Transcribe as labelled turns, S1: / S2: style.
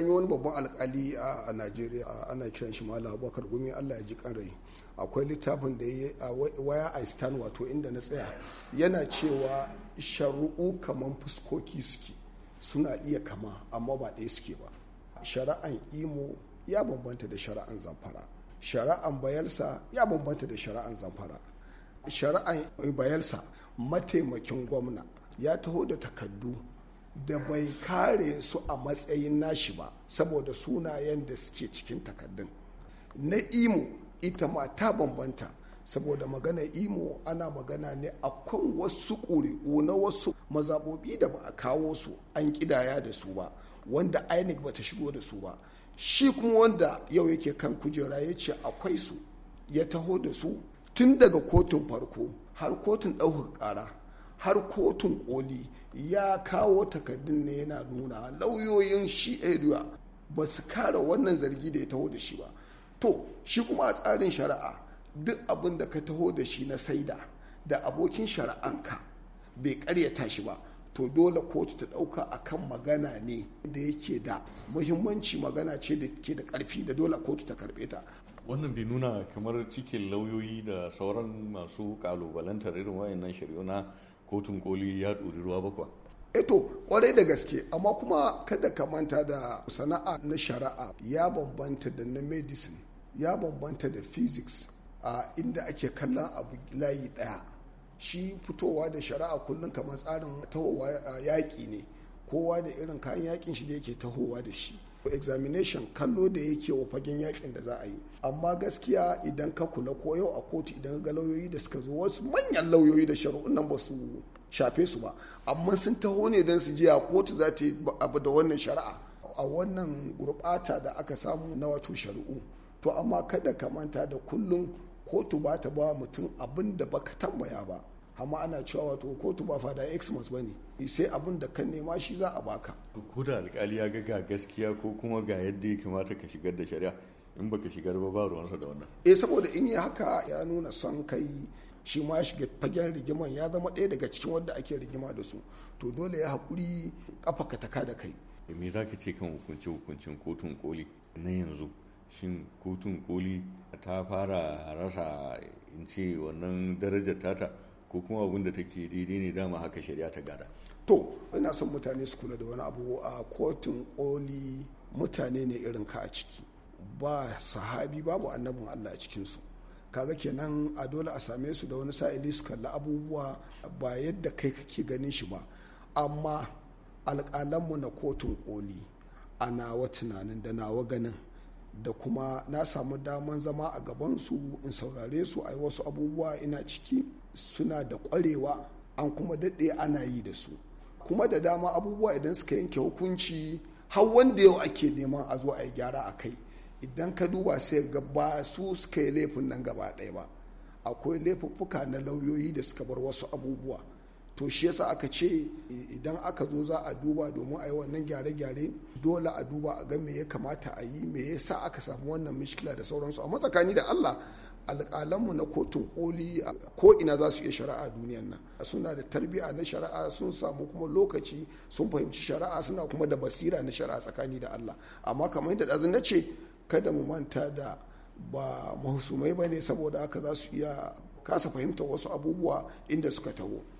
S1: an yi wani babban alkali a najeriya ana kiran shi malam abubakar gumi allah ya ji kan akwai littafin da ya a waya a stand wato inda na tsaya yana cewa sharu'u kaman fuskoki suke suna iya kama amma ba ɗaya suke ba shari'an imo ya bambanta da shari'an zamfara shari'an bayelsa ya bambanta da shari'an zamfara shari'an bayelsa mataimakin gwamna ya taho da takaddu da bai kare su a matsayin nashi ba saboda sunayen da suke cikin takardun na imo ita ma ta bambanta saboda magana imo ana magana ne a kan wasu ƙuri'u na wasu mazaɓoɓi da ba a kawo su an ƙidaya da su ba wanda inec ba ta shigo da su ba shi kuma wanda yau yake kan kujera ya ce akwai su ya taho da su tun daga kotun farko har kotun ɗaukar ƙara har kotun koli ya kawo takardun ne yana nuna lauyoyin shi edua ba su kara wannan zargi da ya taho da shi ba to shi kuma a tsarin shari'a duk abin da ka taho da shi na saida da abokin shari'anka bai karyata shi ba to dole kotu ta dauka akan magana ne da yake da muhimmanci magana ce da ke da karfi da dole kotu ta karbe ta
S2: wannan bai nuna kamar cikin lauyoyi da sauran masu kalubalantar irin wayannan shari'una kotun koli ya ɗori ruwa bakwa
S1: eto eh kwarai da gaske amma kuma kada ka manta da sana'a na shari'a ya bambanta da na medicine ya bambanta da physics a inda ake kallon abu layi ɗaya shi fitowa da shari'a kullum kamar tsarin tahowa yaƙi ne kowa da irin kayan yaƙin shi da yake tahowa da shi examination kallo da yake wa fagen yakin da za a yi amma gaskiya idan ka kula ko yau a kotu idan ga lauyoyi da suka zo wasu manyan lauyoyi da shari'un nan ba su shafe su ba amma sun taho ne don su jiya kotu za ta yi abu da wannan shari'a a wannan gurɓata da aka samu na wato shari'u to amma kada ka manta da kullum kotu ba ta ba mutum abin da baka tambaya ba amma ana cewa wato kotu ba fada xmas ba ne sai abin da kan nema shi za a baka
S2: ko da alkali ya ga gaskiya ko kuma ga yadda ya kamata ka shigar da shari'a in baka shigar ba ba ruwansa da wannan
S1: eh saboda in yi haka ya nuna son kai shi ma shiga fagen rigiman ya zama ɗaya daga cikin wanda ake rigima da su to dole ya haƙuri kafa ka taka da kai
S2: eh, me za ka ce kan hukunce hukuncin kotun koli na yanzu shin kotun koli ta fara rasa in ce wannan darajar tata ko kuma abin da take daidai ne dama haka
S1: shari'a ta gada to ina son mutane su kula da wani abu a kotun koli mutane ne irin ka a ciki ba sahabi babu annabin allah a cikinsu kaga kenan a dole a same su da wani sa'ili su kalli abubuwa ba yadda kai kake ganin shi ba amma alƙalanmu na kotun koli a nawa tunanin da nawa ganin da kuma na samu daman zama a gabansu in saurare su a wasu abubuwa ina ciki suna da ƙwarewa an kuma daɗe ana yi da su kuma da dama abubuwa idan suka yanke hukunci har wanda yau ake neman a zo a yi gyara a kai idan ka duba sai ga ba su suka yi laifin nan gaba ɗaya ba akwai laifuffuka na lauyoyi da suka bar wasu abubuwa to shi yasa aka ce idan aka zo za a duba domin a yi wannan gyare-gyare dole a duba a ga me ya kamata a yi me ya sa aka samu wannan mishkila da sauransu amma tsakani da Allah alƙalanmu na kotun koli ko ina za su iya shari'a duniyan nan suna da tarbiyya na shari'a sun samu kuma lokaci sun fahimci shari'a suna kuma da basira na shari'a tsakani da Allah amma kamar yadda ɗazin na ce kada mu manta da ba mahusumai ba ne saboda haka za su iya kasa fahimta wasu abubuwa inda suka taho